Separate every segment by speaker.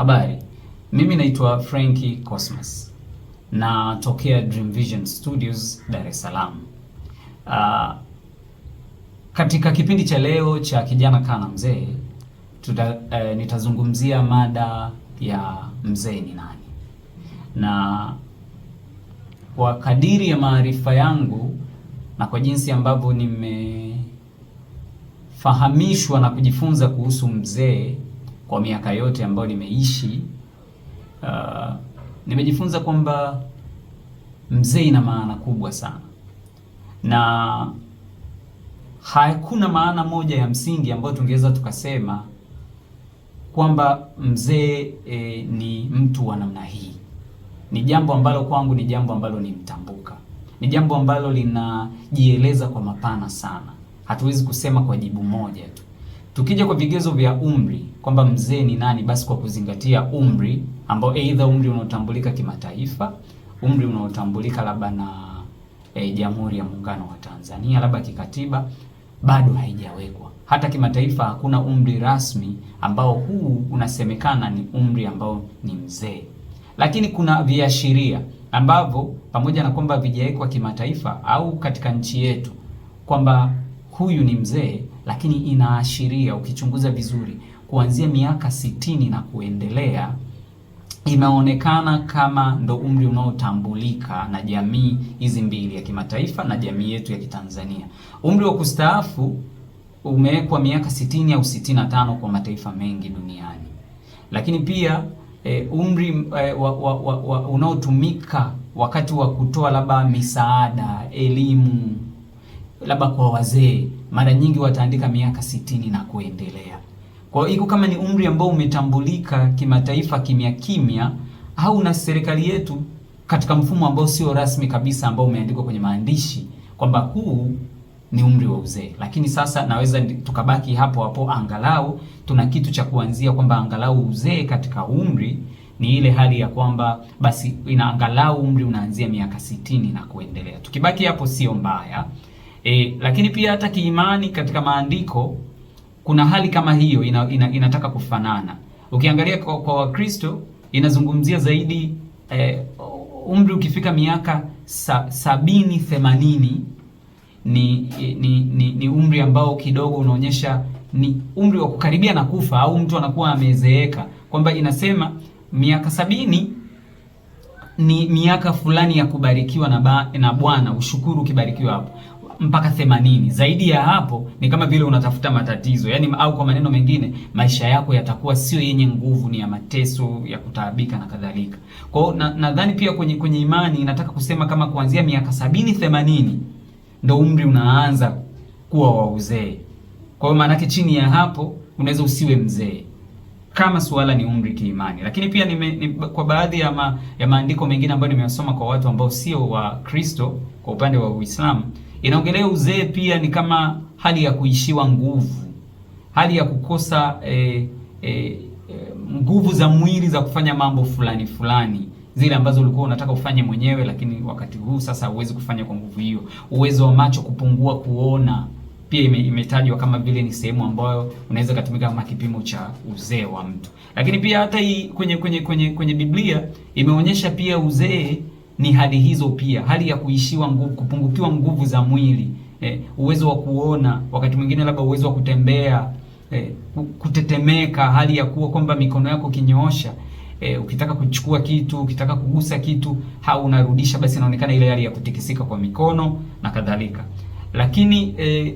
Speaker 1: Habari, mimi naitwa Franki Cosmas na tokea Dream Vision Studios Dar es Salaam. Uh, katika kipindi cha leo cha kijana kana mzee tuta, uh, nitazungumzia mada ya mzee ni nani, na kwa kadiri ya maarifa yangu na kwa jinsi ambavyo nimefahamishwa na kujifunza kuhusu mzee kwa miaka yote ambayo nimeishi, uh, nimejifunza kwamba mzee ina maana kubwa sana, na hakuna maana moja ya msingi ambayo tungeweza tukasema kwamba mzee e, ni mtu wa namna hii. Ni jambo ambalo kwangu ni jambo ambalo ni mtambuka, ni jambo ambalo linajieleza kwa mapana sana, hatuwezi kusema kwa jibu moja tu. Tukija kwa vigezo vya umri kwamba mzee ni nani, basi kwa kuzingatia umri ambao aidha umri unaotambulika kimataifa, umri unaotambulika labda na e, Jamhuri ya Muungano wa Tanzania, labda kikatiba bado haijawekwa. Hata kimataifa hakuna umri rasmi ambao huu unasemekana ni umri ambao ni mzee, lakini kuna viashiria ambavyo pamoja na kwamba vijawekwa kimataifa au katika nchi yetu kwamba huyu ni mzee lakini inaashiria ukichunguza vizuri, kuanzia miaka sitini na kuendelea imeonekana kama ndo umri unaotambulika na jamii hizi mbili ya kimataifa na jamii yetu ya Kitanzania. Umri wa kustaafu umewekwa miaka sitini au sitini na tano kwa mataifa mengi duniani, lakini pia e, umri e, wa, wa, wa, wa, unaotumika wakati wa kutoa labda misaada, elimu labda kwa wazee mara nyingi wataandika miaka sitini na kuendelea. Kwa hiyo kama ni umri ambao umetambulika kimataifa kimya kimya au na serikali yetu katika mfumo ambao sio rasmi kabisa ambao umeandikwa kwenye maandishi kwamba huu ni umri wa uzee, lakini sasa naweza tukabaki hapo hapo, angalau tuna kitu cha kuanzia kwamba angalau uzee katika umri ni ile hali ya kwamba basi ina angalau umri unaanzia miaka sitini na kuendelea. Tukibaki hapo sio mbaya. E, lakini pia hata kiimani katika maandiko kuna hali kama hiyo ina, ina, inataka kufanana. Ukiangalia kwa Wakristo inazungumzia zaidi eh, umri ukifika miaka sa, sabini themanini ni, ni, ni, ni umri ambao kidogo unaonyesha ni umri wa kukaribia na kufa au mtu anakuwa amezeeka, kwamba inasema miaka sabini ni miaka fulani ya kubarikiwa na Bwana, ushukuru ukibarikiwa hapo mpaka themanini. Zaidi ya hapo ni kama vile unatafuta matatizo, yani, au kwa maneno mengine maisha yako yatakuwa sio yenye nguvu, ni ya mateso ya kutaabika na kadhalika. Kwa hiyo nadhani na pia kwenye kwenye imani nataka kusema kama kuanzia miaka sabini themanini ndo umri unaanza kuwa wa uzee. Kwa hiyo maanake chini ya hapo unaweza usiwe mzee kama suala ni umri kiimani, lakini pia nime, ni, kwa baadhi ya, ma, ya maandiko mengine ambayo nimeyasoma kwa watu ambao sio wa Kristo kwa upande wa Uislamu Inaongelea uzee pia ni kama hali ya kuishiwa nguvu, hali ya kukosa e, e, nguvu za mwili za kufanya mambo fulani fulani zile ambazo ulikuwa unataka ufanye mwenyewe, lakini wakati huu sasa huwezi kufanya kwa nguvu hiyo. Uwezo wa macho kupungua kuona pia ime, imetajwa kama vile ni sehemu ambayo unaweza kutumika kama kipimo cha uzee wa mtu, lakini pia hata hii kwenye kwenye kwenye kwenye Biblia imeonyesha pia uzee ni hali hizo pia, hali ya kuishiwa nguvu, kupungukiwa nguvu za mwili eh, uwezo wa kuona, wakati mwingine labda uwezo wa kutembea eh, kutetemeka, hali ya kuwa kwamba mikono yako kinyoosha eh, ukitaka kuchukua kitu, ukitaka kugusa kitu au unarudisha, basi inaonekana ile hali ya kutikisika kwa mikono na kadhalika. Lakini eh,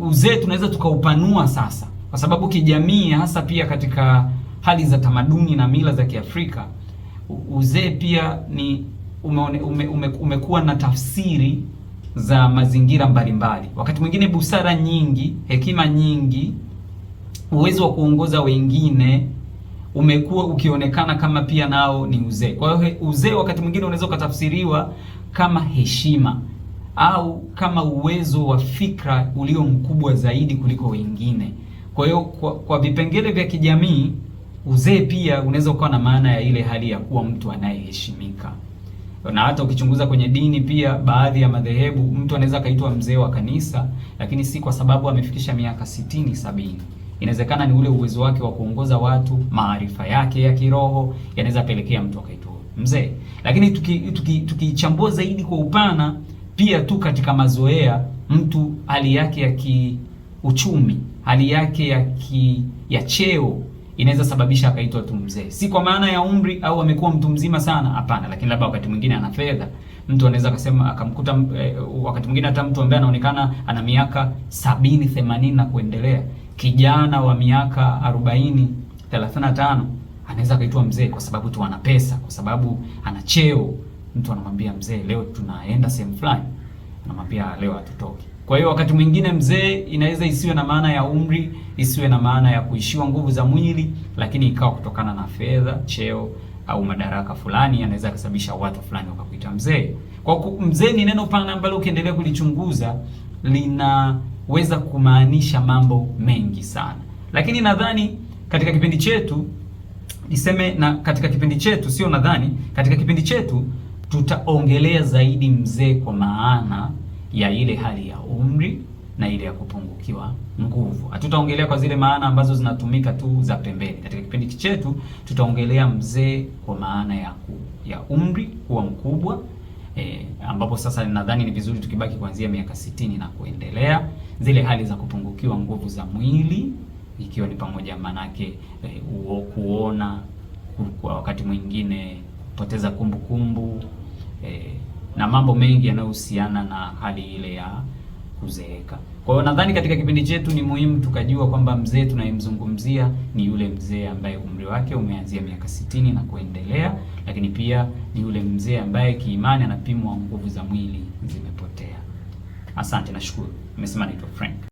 Speaker 1: uzee tunaweza tukaupanua sasa, kwa sababu kijamii, hasa pia katika hali za tamaduni na mila za Kiafrika uzee pia ni ume, ume, ume, umekuwa na tafsiri za mazingira mbalimbali. Wakati mwingine busara nyingi, hekima nyingi, uwezo wa kuongoza wengine umekuwa ukionekana kama pia nao ni uzee. Kwa hiyo uzee wakati mwingine unaweza ukatafsiriwa kama heshima au kama uwezo wa fikra ulio mkubwa zaidi kuliko wengine. Kwa hiyo kwa, kwa vipengele vya kijamii Uzee pia unaweza ukawa na maana ya ile hali ya kuwa mtu anayeheshimika, na hata ukichunguza kwenye dini pia, baadhi ya madhehebu mtu anaweza akaitwa mzee wa kanisa, lakini si kwa sababu amefikisha miaka sitini sabini. Inawezekana ni ule uwezo wake wa kuongoza watu, maarifa yake ya kiroho yanaweza pelekea mtu akaitwa mzee. Lakini tukichambua tuki, tuki zaidi kwa upana pia tu katika mazoea, mtu hali yake ya kiuchumi, hali yake ya ki, ya cheo inaweza sababisha akaitwa tu mzee, si kwa maana ya umri au amekuwa mtu mzima sana, hapana, lakini labda wakati mwingine ana fedha. Mtu anaweza akasema akamkuta eh, wakati mwingine hata mtu ambaye anaonekana ana miaka sabini themanini na kuendelea, kijana wa miaka arobaini thelathini na tano anaweza akaitwa mzee kwa sababu tu ana pesa, kwa sababu ana cheo. Mtu anamwambia mzee, leo tunaenda sehemu fulani, anamwambia leo hatutoki. Kwa hiyo wakati mwingine mzee inaweza isiwe na maana ya umri, isiwe na maana ya kuishiwa nguvu za mwili, lakini ikawa kutokana na fedha, cheo au madaraka fulani anaweza kusababisha watu fulani wakakuita mzee. Kwa mzee ni neno pana ambalo ukiendelea kulichunguza linaweza kumaanisha mambo mengi sana, lakini nadhani katika kipindi chetu niseme na katika kipindi chetu sio, nadhani katika kipindi chetu tutaongelea zaidi mzee kwa maana ya ile hali ya umri na ile ya kupungukiwa nguvu. Hatutaongelea kwa zile maana ambazo zinatumika tu za pembeni. Katika kipindi chetu tutaongelea mzee kwa maana ya ku, ya umri kuwa mkubwa e, ambapo sasa nadhani ni vizuri tukibaki kuanzia miaka sitini na kuendelea, zile hali za kupungukiwa nguvu za mwili ikiwa ni pamoja manake e, uo, kuona kwa wakati mwingine kupoteza kumbukumbu e, na mambo mengi yanayohusiana na hali ile ya kuzeeka. Kwa hiyo nadhani katika kipindi chetu ni muhimu tukajua kwamba mzee tunayemzungumzia ni yule mzee ambaye umri wake umeanzia miaka sitini na kuendelea, lakini pia ni yule mzee ambaye kiimani anapimwa nguvu za mwili zimepotea. Asante, nashukuru. Nimesema naitwa Frank.